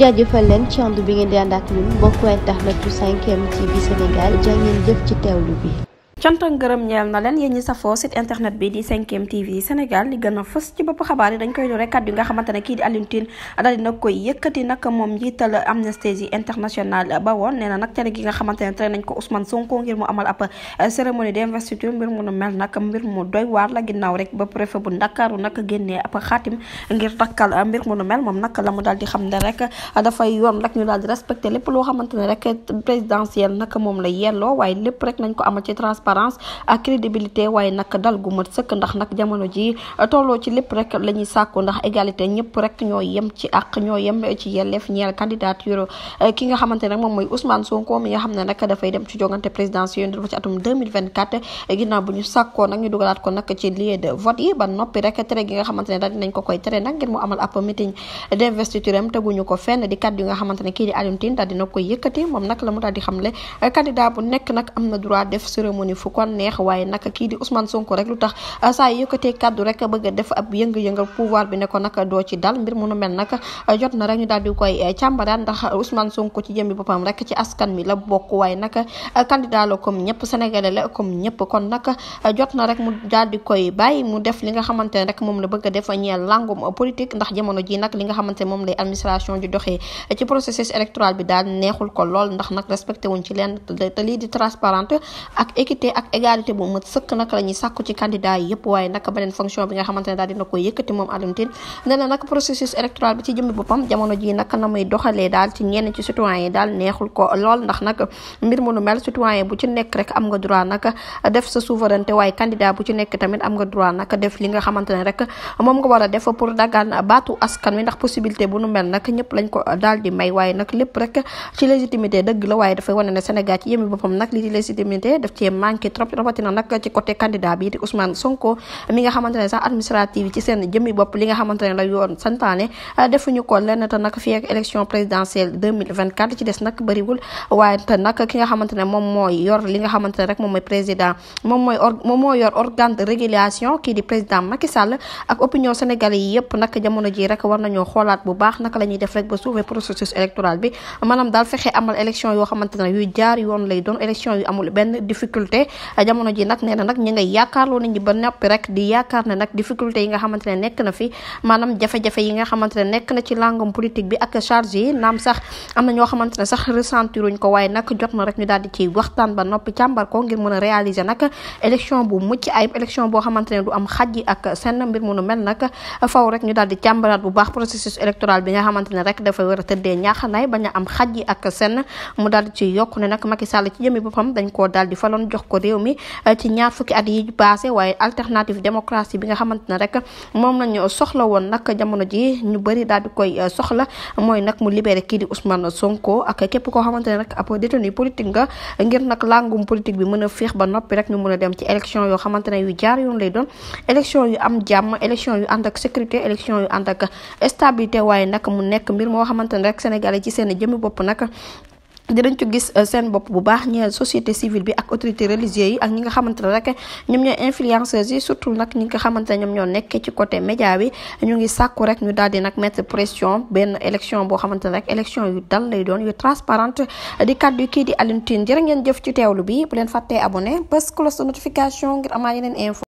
jaajëfal leen ci ànd bi ngeen di ànd ak ñun mbokk internet bu 5M TV Sénégal jaa ngeen jëf ci teewlu bi. canta ngërëm ñeel na leen yéen ñi safoo site internet bi di 5M TV Sénégal li gën a fës ci bopp xabaar yi dañ koy do rek kàddu yi nga xamante ne kii di Alioune Tine daal dina koy yëkkati nag moom njiital Amnesty International ba woon nee na nag tere gi nga xamante ne tere nañ ko Ousmane Sonko ngir mu amal ab euh, cérémonie d'investiture mbir mu nu mel nag mbir mu doy waar la ginnaaw rek ba préfet bu Ndakaaru nag génnee ab xaatim ngir takkal euh, mbir mu nu mel moom nag la mu daal di xam ne rek dafay yoon rek ñu daal di respecté lépp loo xamante ne rek présidentiel nag moom la yelloo waaye lépp rek nañ ko amal ci transport transparence ak crédibilité waaye nag dal gu mat sëkk ndax nag jamono ji tolloo ci lépp rek la ñuy ndax égalité ñëpp rek ñoo yem ci ak ñoo yem ci yelleef ñeel candidature ki nga xamante nag moom mooy Ousmane Sonko ñu sàkkoo ko nag ci lieu de vote yi ba noppi rek tere gi nga xamante ne daal ko koy tere nag ngir mu amal ab meeting d'investiture am teguñu ko fenn di kàddu yi nga xamante kii di Alioune Tine daal dina koy yëkkati moom nag la mu daal di xamle ni fu ko neex waaye naka kii di Ousmane Sonko rek lu tax ah, saa yëkkatee kàddu rek bëgg a def ab yëngu-yëngal pouvoir bi ne naka doo ci dal mbir mu nu mel naka ah, jot na rek ñu daal di koy eh, càmbaraat ndax Ousmane Sonko ci jëmmi boppam rek ci askan mi la bokk waaye naka ah, candidat la comme ñëpp sénégalais la comme jot na rek mu daal di koy bàyyi mu def li nga xamante ne rek moom la bëgg a def ñeel langum politique ndax jamono ji nag li nga xamante ne moom lay administration di doxee ci processus électoral bi daal neexul ko lool ndax nag respecté wuñ ci leen transparente ak équité équité ak égalité bu mat sëkk nag la ñuy sàkku ci candidat yi yëpp waaye nag beneen fonction bi nga xamante daal dina koy yëkkati moom ci jëmmi boppam jamono ji nag na muy doxalee daal ci ñenn ci citoyen bu ci nekk rek am nga droit nag def sa souveraineté nga droit nag def li nga xamante ne rek moom nga war a def pour dagaan baatu askan wi ndax possibilité bu nu mel nag ñëpp lañ ko daal di may waaye nag lépp rek ci légitimité dëgg la waaye dafay wane ne Sénégal ci yëmmi boppam nag li di légitimité daf cee manqué trop candidat bi di Sonko mi nga xamante sax administrative ci seen jëmmi bopp li nga xamante ne la yoon santaane defuñu ko lenn te nag fii élection présidentielle 2024 ak opinion sénégalais yi yëpp nag jamono ji rek war nañoo xoolaat bu baax naka la ñuy def rek suufee processus électoral bi maanaam daal fexe amal élection yoo xamante ne jaar yoon lay doon élection yu amul benn difficulté boobee jamono ji nag nee na nag ñi ngay yaakaarloo nañu ba noppi rek di yaakaar ne nag difficulté yi nga xamante nekk na fi maanaam jafe-jafe yi nga xamante ne nekk na ci langum politique bi ak charge yi naam sax am na ñoo xamante ne sax ressentiruñ ko waaye nag jot na rek a réaliser nag élection bu mucc ne du am xaj yi ak seen mbir mu nu mel ñu daal di càmbaraat bu baax processus électoral bi nga xamante ne rek dafa war a tëddee ñaaxanaay bañ am xaj ak seen mu daal di yokk ne nag Macky Sall ci jëmi boppam dañ koo daal di faloon ko réew mi eh, ci ñaar fukki at yi passé waaye alternative démocratie bi nga xamante ne rek moom lañu soxla woon nag jamono ji ñu bëri daal di koy eh, soxla mooy nag mu libéré kii di Ousmane Sonko ak képp koo xamante ne rek ab détenu politique nga ngir nag langum politique bi mën a féex ba noppi rek ñu mën a dem ci élection yoo xamante ne yu jaar yoon lay doon élection yu am jàmm élection yu ànd ak sécurité élection yu ànd ak stabilité waaye nag mu nekk mbir moo xamante ne rek Sénégalais ci seen jëmmi bopp nag dinañ ci gis euh, seen bopp bu baax ñeel société civile bi ak autorité religieux yi ak ñi nga xamante ne rek ñoom ñooy influenceurs yi surtout nag ñi nga xamante ñoom ñoo nekk ci côté média bi ñu ngi sàkku rek ñu daal di mettre pression benn élection boo xamante rek élection yu dal lay doon yu transparente di kàddu kii di Alioune Tine jërë ngeen jëf ci teewlu bi bu leen fàttee abonné bés cloche notification ngir amaa yeneen info